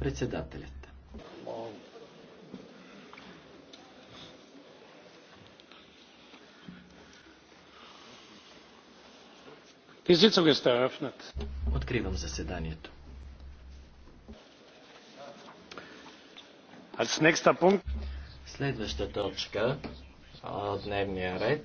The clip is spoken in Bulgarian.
Председателят. Откривам заседанието. Следваща точка от дневния ред